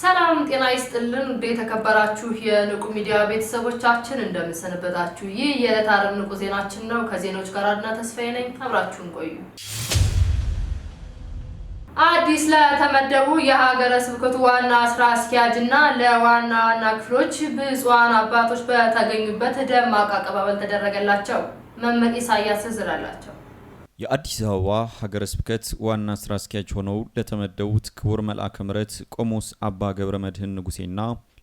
ሰላም ጤና ይስጥልን። ውድ የተከበራችሁ የንቁ ሚዲያ ቤተሰቦቻችን እንደምንሰንበታችሁ። ይህ የዕለት አርብ ንቁ ዜናችን ነው። ከዜናዎች ጋር አድና ተስፋዬ ነኝ። አብራችሁን ቆዩ። አዲስ ለተመደቡ የሀገረ ስብከቱ ዋና ስራ አስኪያጅ እና ለዋና ዋና ክፍሎች ብፁዓን አባቶች በተገኙበት ደማቅ አቀባበል ተደረገላቸው። መመቅ ኢሳያስ ዝራላቸው የአዲስ አበባ ሀገረ ስብከት ዋና ስራ አስኪያጅ ሆነው ለተመደቡት ክቡር መልአከ ምሕረት ቆሞስ አባ ገብረ መድህን ንጉሴና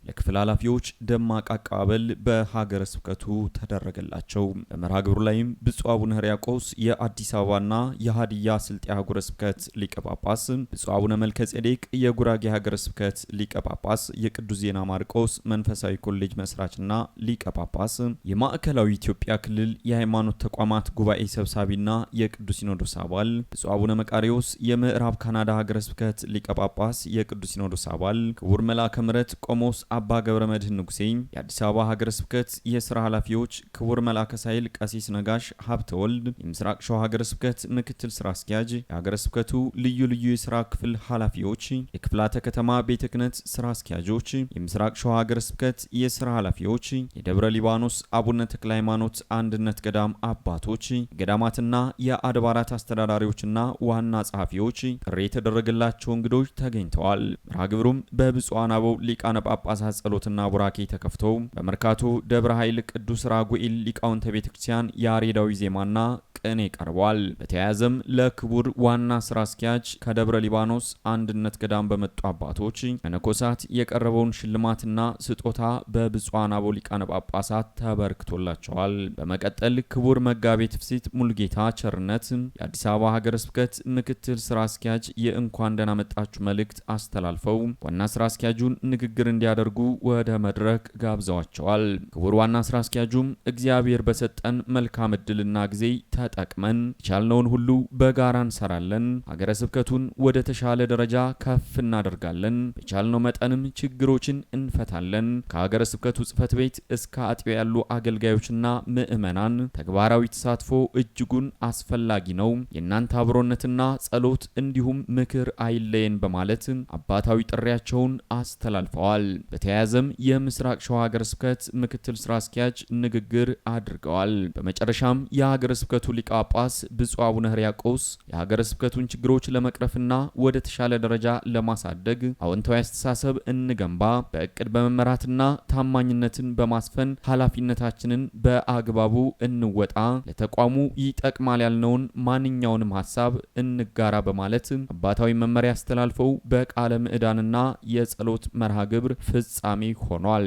ለክፍል ኃላፊዎች ደማቅ አቀባበል በሀገረ ስብከቱ ተደረገላቸው። በመርሃ ግብሩ ላይም ብፁዕ አቡነ ሕርያቆስ የአዲስ አበባና የሀዲያ ስልጤ ሀገረ ስብከት ሊቀ ጳጳስ፣ ብፁዕ አቡነ መልከ ጼዴቅ የጉራጌ ሀገረ ስብከት ሊቀ ጳጳስ፣ የቅዱስ ዜና ማርቆስ መንፈሳዊ ኮሌጅ መስራችና ሊቀ ጳጳስ፣ የማዕከላዊ ኢትዮጵያ ክልል የሃይማኖት ተቋማት ጉባኤ ሰብሳቢና የቅዱስ ሲኖዶስ አባል፣ ብፁዕ አቡነ መቃሪዎስ የምዕራብ ካናዳ ሀገረ ስብከት ሊቀ ጳጳስ፣ የቅዱስ ሲኖዶስ አባል፣ ክቡር መልአከ ምሕረት ቆሞስ አባ ገብረ መድህን ንጉሴ፣ የአዲስ አበባ ሀገረ ስብከት የስራ ኃላፊዎች ክቡር መልአከ ሳይል ቀሲስ ነጋሽ ሀብተ ወልድ፣ የምስራቅ ሸዋ ሀገረ ስብከት ምክትል ስራ አስኪያጅ፣ የሀገረ ስብከቱ ልዩ ልዩ የስራ ክፍል ኃላፊዎች፣ የክፍላተ ከተማ ቤተ ክህነት ስራ አስኪያጆች፣ የምስራቅ ሸዋ ሀገረ ስብከት የስራ ኃላፊዎች፣ የደብረ ሊባኖስ አቡነ ተክለ ሃይማኖት አንድነት ገዳም አባቶች፣ የገዳማትና የአድባራት አስተዳዳሪዎችና ዋና ጸሐፊዎች፣ ጥሪ የተደረገላቸው እንግዶች ተገኝተዋል። መርሃ ግብሩም በብፁዓን አበው ሊቃነ ጳጳሳት የቅዱሳት ጸሎትና ቡራኬ ተከፍተው በመርካቶ ደብረ ኃይል ቅዱስ ራጉኤል ሊቃውንተ ቤተ ክርስቲያን ያሬዳዊ ዜማና ቅኔ ቀርቧል። በተያያዘም ለክቡር ዋና ስራ አስኪያጅ ከደብረ ሊባኖስ አንድነት ገዳም በመጡ አባቶች መነኮሳት የቀረበውን ሽልማትና ስጦታ በብፁዓን አበው ሊቃነ ጳጳሳት ተበርክቶላቸዋል። በመቀጠል ክቡር መጋቤ ትፍሥሕት ሙልጌታ ቸርነት የአዲስ አበባ ሀገረ ስብከት ምክትል ስራ አስኪያጅ የእንኳን ደህና መጣችሁ መልእክት አስተላልፈው ዋና ስራ አስኪያጁን ንግግር እንዲያደርጉ እንዲያደርጉ ወደ መድረክ ጋብዘዋቸዋል። ክቡር ዋና ስራ አስኪያጁም እግዚአብሔር በሰጠን መልካም እድልና ጊዜ ተጠቅመን የቻልነውን ሁሉ በጋራ እንሰራለን፣ ሀገረ ስብከቱን ወደ ተሻለ ደረጃ ከፍ እናደርጋለን፣ በቻልነው መጠንም ችግሮችን እንፈታለን። ከሀገረ ስብከቱ ጽፈት ቤት እስከ አጥቢያ ያሉ አገልጋዮችና ምዕመናን ተግባራዊ ተሳትፎ እጅጉን አስፈላጊ ነው። የእናንተ አብሮነትና ጸሎት እንዲሁም ምክር አይለየን በማለት አባታዊ ጥሪያቸውን አስተላልፈዋል። በተያያዘም የምስራቅ ሸዋ ሀገረ ስብከት ምክትል ስራ አስኪያጅ ንግግር አድርገዋል። በመጨረሻም የሀገረ ስብከቱ ሊቀ ጳጳስ ብፁዕ አቡነ ሕርያቆስ የሀገረ ስብከቱን ችግሮች ለመቅረፍና ወደ ተሻለ ደረጃ ለማሳደግ አዎንታዊ አስተሳሰብ እንገንባ፣ በእቅድ በመመራትና ታማኝነትን በማስፈን ኃላፊነታችንን በአግባቡ እንወጣ፣ ለተቋሙ ይጠቅማል ያልነውን ማንኛውንም ሀሳብ እንጋራ በማለት አባታዊ መመሪያ አስተላልፈው በቃለ ምዕዳንና የጸሎት መርሃ ግብር ፍጻሜ ሆኗል።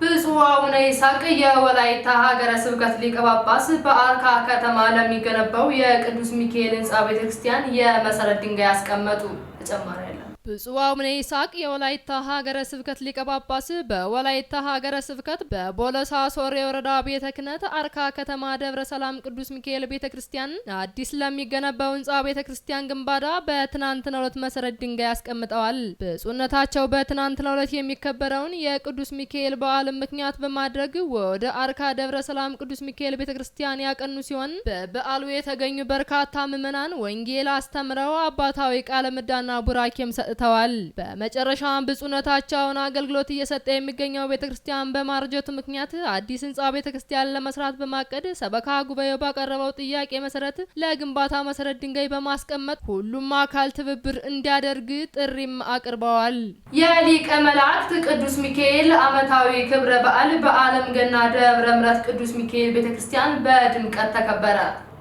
ብፁዕ አቡነ ይስሐቅ የወላይታ ሀገረ ስብከት ሊቀ ጳጳስ በአርካ ከተማ ለሚገነባው የቅዱስ ሚካኤል ህንፃ ቤተክርስቲያን የመሰረት ድንጋይ አስቀመጡ። ተጨማሪ ብፁዕ አቡነ ይስሐቅ የወላይታ ሀገረ ስብከት ሊቀ ጳጳስ በወላይታ ሀገረ ስብከት በቦለሳ ሶሬ ወረዳ ቤተ ክህነት አርካ ከተማ ደብረ ሰላም ቅዱስ ሚካኤል ቤተ ክርስቲያን አዲስ ለሚገነባው ህንጻ ቤተ ክርስቲያን ግንባታ በትናንትናው ዕለት መሰረት ድንጋይ አስቀምጠዋል። ብፁዕነታቸው በትናንትናው ዕለት የሚከበረውን የቅዱስ ሚካኤል በዓል ምክንያት በማድረግ ወደ አርካ ደብረ ሰላም ቅዱስ ሚካኤል ቤተ ክርስቲያን ያቀኑ ሲሆን በበዓሉ የተገኙ በርካታ ምዕመናን ወንጌል አስተምረው አባታዊ ቃለ ምዕዳና ቡራኬም ሰጥ አምጥተዋል። በመጨረሻም ብፁዕነታቸውን አገልግሎት እየሰጠ የሚገኘው ቤተ ክርስቲያን በማርጀቱ ምክንያት አዲስ ህንጻ ቤተ ክርስቲያን ለመስራት በማቀድ ሰበካ ጉባኤው ባቀረበው ጥያቄ መሰረት ለግንባታ መሰረት ድንጋይ በማስቀመጥ ሁሉም አካል ትብብር እንዲያደርግ ጥሪም አቅርበዋል። የሊቀ መላእክት ቅዱስ ሚካኤል ዓመታዊ ክብረ በዓል በዓለም ገና ደብረ ምረት ቅዱስ ሚካኤል ቤተክርስቲያን በድምቀት ተከበረ።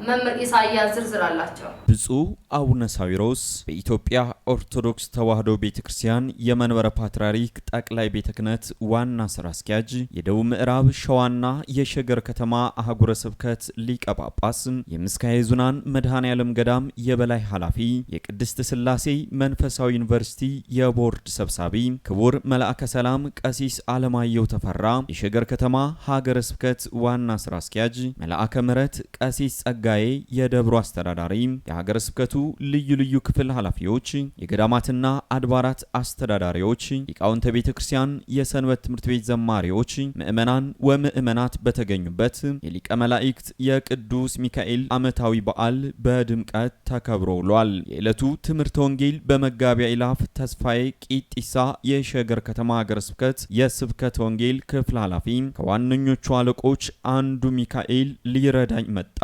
መምህር ኢሳያስ ዝርዝር አላቸው። ብፁዕ አቡነ ሳዊሮስ በኢትዮጵያ ኦርቶዶክስ ተዋሕዶ ቤተ ክርስቲያን የመንበረ ፓትርያርክ ጠቅላይ ቤተ ክህነት ዋና ስራ አስኪያጅ፣ የደቡብ ምዕራብ ሸዋና የሸገር ከተማ አህጉረ ስብከት ሊቀ ጳጳስ፣ የምስካየ ኅዙናን መድኃኔ ዓለም ገዳም የበላይ ኃላፊ፣ የቅድስት ስላሴ መንፈሳዊ ዩኒቨርሲቲ የቦርድ ሰብሳቢ ክቡር መልአከ ሰላም ቀሲስ አለማየሁ ተፈራ፣ የሸገር ከተማ ሀገረ ስብከት ዋና ስራ አስኪያጅ፣ መልአከ ምሕረት ቀሲስ ጸጋ ነጋዬ የደብሩ አስተዳዳሪ፣ የሀገረ ስብከቱ ልዩ ልዩ ክፍል ኃላፊዎች፣ የገዳማትና አድባራት አስተዳዳሪዎች፣ ሊቃውንተ ቤተ ክርስቲያን፣ የሰንበት ትምህርት ቤት ዘማሪዎች፣ ምእመናን ወምእመናት በተገኙበት የሊቀ መላእክት የቅዱስ ሚካኤል ዓመታዊ በዓል በድምቀት ተከብሮ ውሏል። የዕለቱ ትምህርተ ወንጌል በመጋቢያ ኢላፍ ተስፋዬ ቂጢሳ የሸገር ከተማ ሀገረ ስብከት የስብከት ወንጌል ክፍል ኃላፊ ከዋነኞቹ አለቆች አንዱ ሚካኤል ሊረዳኝ መጣ፣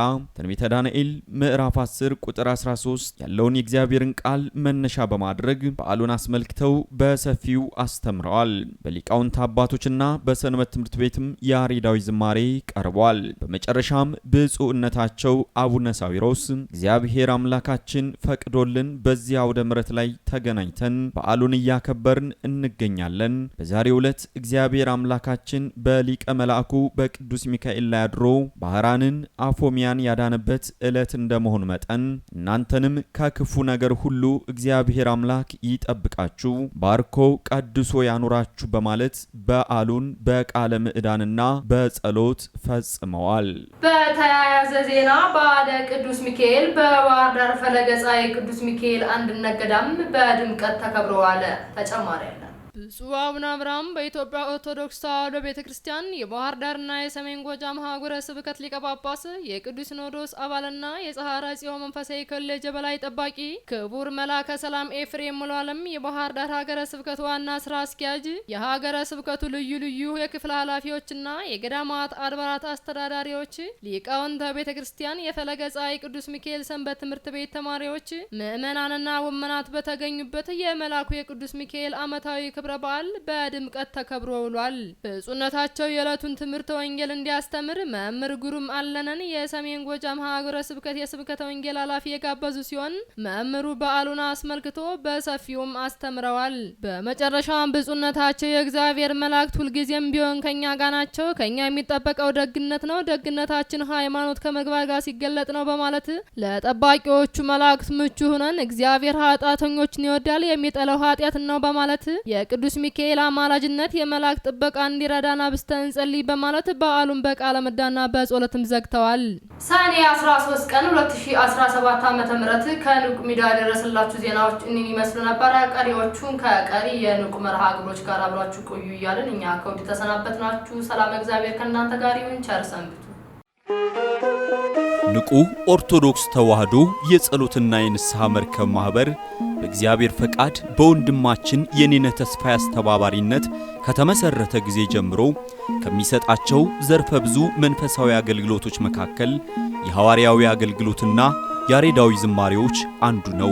ትንቢተ ዳንኤል ምዕራፍ 10 ቁጥር 13 ያለውን የእግዚአብሔርን ቃል መነሻ በማድረግ በዓሉን አስመልክተው በሰፊው አስተምረዋል። በሊቃውንት አባቶችና በሰንበት ትምህርት ቤትም ያሬዳዊ ዝማሬ ቀርቧል። በመጨረሻም ብፁዕነታቸው አቡነ ሳዊሮስ እግዚአብሔር አምላካችን ፈቅዶልን በዚህ አውደ ምረት ላይ ተገናኝተን በዓሉን እያከበርን እንገኛለን። በዛሬው ዕለት እግዚአብሔር አምላካችን በሊቀ መልአኩ በቅዱስ ሚካኤል ላይ አድሮ ባህራንን አፎሚያን ያዳነበት ያለበት ዕለት እንደመሆኑ መጠን እናንተንም ከክፉ ነገር ሁሉ እግዚአብሔር አምላክ ይጠብቃችሁ፣ ባርኮ ቀድሶ ያኑራችሁ በማለት በዓሉን በቃለ ምዕዳንና በጸሎት ፈጽመዋል። በተያያዘ ዜና በዓለ ቅዱስ ሚካኤል በባህር ዳር ፈለገ ፀሐይ ቅዱስ ሚካኤል አንድነት ገዳም በድምቀት ተከብረዋል። ተጨማሪ ያለ ብፁዕ አቡነ አብርሃም በኢትዮጵያ ኦርቶዶክስ ተዋሕዶ ቤተ ክርስቲያን የባህር ዳርና የሰሜን ጎጃም ሀገረ ስብከት ሊቀ ጳጳስ፣ የቅዱስ ሲኖዶስ አባልና የጸሐረ ጽዮን መንፈሳዊ ኮሌጅ የበላይ ጠባቂ፣ ክቡር መላከ ሰላም ኤፍሬም ሙሉ የባህር ዳር ሀገረ ስብከት ዋና ስራ አስኪያጅ፣ የሀገረ ስብከቱ ልዩ ልዩ የክፍል ኃላፊዎችና የገዳማት አድባራት አስተዳዳሪዎች፣ ሊቃውንተ ቤተ ክርስቲያን፣ የፈለገ ፀሐይ ቅዱስ ሚካኤል ሰንበት ትምህርት ቤት ተማሪዎች፣ ምእመናንና ወመናት በተገኙበት የመላኩ የቅዱስ ሚካኤል ዓመታዊ ክብረ ክብረ በዓል በድምቀት ተከብሮ ውሏል። ብፁዕነታቸው የዕለቱን ትምህርተ ወንጌል እንዲያስተምር መምህር ግሩም አለነን የሰሜን ጎጃም ሀገረ ስብከት የስብከተ ወንጌል ኃላፊ የጋበዙ ሲሆን መምህሩ በዓሉን አስመልክቶ በሰፊውም አስተምረዋል። በመጨረሻም ብፁዕነታቸው የእግዚአብሔር መላእክት ሁልጊዜም ቢሆን ከኛ ጋር ናቸው፣ ከኛ የሚጠበቀው ደግነት ነው፣ ደግነታችን ሃይማኖት ከመግባር ጋር ሲገለጥ ነው በማለት ለጠባቂዎቹ መላእክት ምቹ ሁነን እግዚአብሔር ኃጢአተኞችን ይወዳል የሚጠለው ኃጢአት ነው በማለት የቅ በቅዱስ ሚካኤል አማላጅነት የመላእክት ጥበቃ እንዲረዳን አብስተን እንጸልይ በማለት በዓሉን በቃለ ምዳና በጾለትም ዘግተዋል። ሰኔ 13 ቀን 2017 ዓ ም ከንቁ ሚዲያ ያደረስላችሁ ዜናዎች እኒን ይመስሉ ነበረ። ቀሪዎቹን ከቀሪ የንቁ መርሃ ግብሮች ጋር አብራችሁ ቆዩ እያልን እኛ ከውድ ተሰናበት ናችሁ። ሰላም እግዚአብሔር ከእናንተ ጋር ይሁን። ቸር ሰንብቱ። ንቁ ኦርቶዶክስ ተዋህዶ የጸሎትና የንስሐ መርከብ ማህበር። በእግዚአብሔር ፈቃድ በወንድማችን የኔነ ተስፋ አስተባባሪነት ከተመሰረተ ጊዜ ጀምሮ ከሚሰጣቸው ዘርፈ ብዙ መንፈሳዊ አገልግሎቶች መካከል የሐዋርያዊ አገልግሎትና ያሬዳዊ ዝማሬዎች አንዱ ነው።